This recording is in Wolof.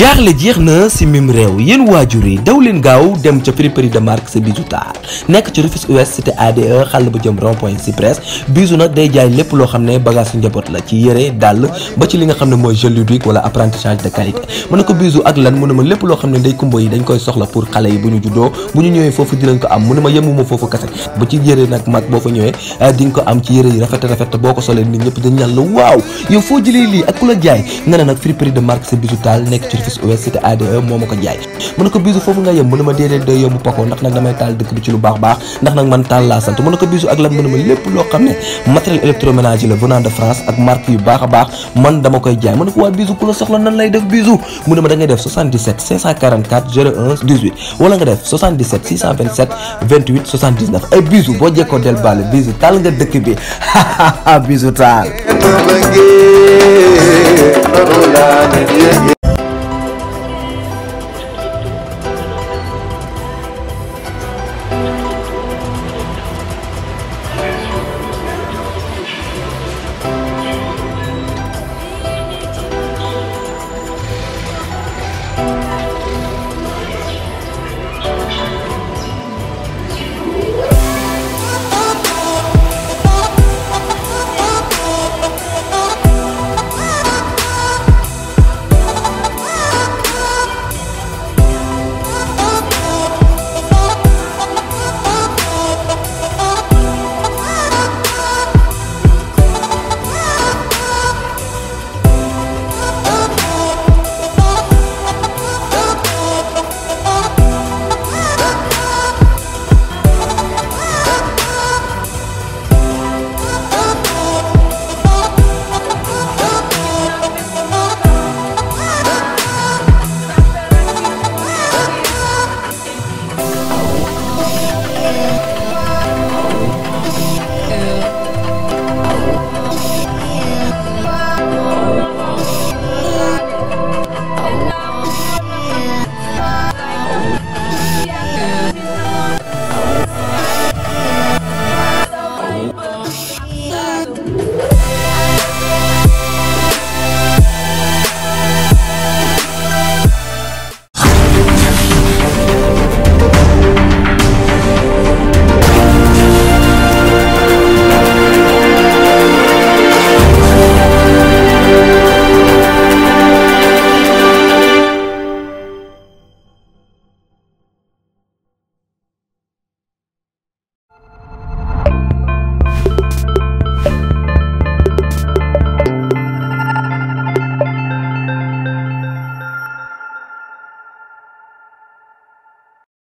jaaxle jeex na si mim réew yéen waajur yi daw leen gaaw dem ca friperie de marque sa bisu taar nekk ci Rufisque Ouest cité ADE xàll ba jëm rond point Cyprès bisu nag day jaay lépp loo xam ne bagage su njaboot la ci yére dàll ba ci li nga xam ne mooy jeu ludique wala apprentissage de qualité mën na ko bisu ak lan mu ne ma lépp loo xam ne day kumbo yi dañ koy soxla pour xale yi bu ñu juddoo bu ñu ñëwee foofu dinañ ko am mu ne ma yemuma foofu kase ba ci boo fa ñëwee ah, di 6 ouest cité ADE moo ma ko jaay mu ne ko bisu foofu nga yem mu ne ma déedéet day yomb pako ndax nag damay taal dëkk bi ci lu baax baax ndax nag man taal laa sant mu ne ko bisu ak lan mu ne ma lépp loo xam ne matériel électroménager la venant de France ak marque yu baax baax man dama koy jaay mu ne ko waa bisu ku la soxla nan lay def bisu mu ne ma da def ay bisu boo jekkoo del baale bisu taal nga dëkk bi bisu taal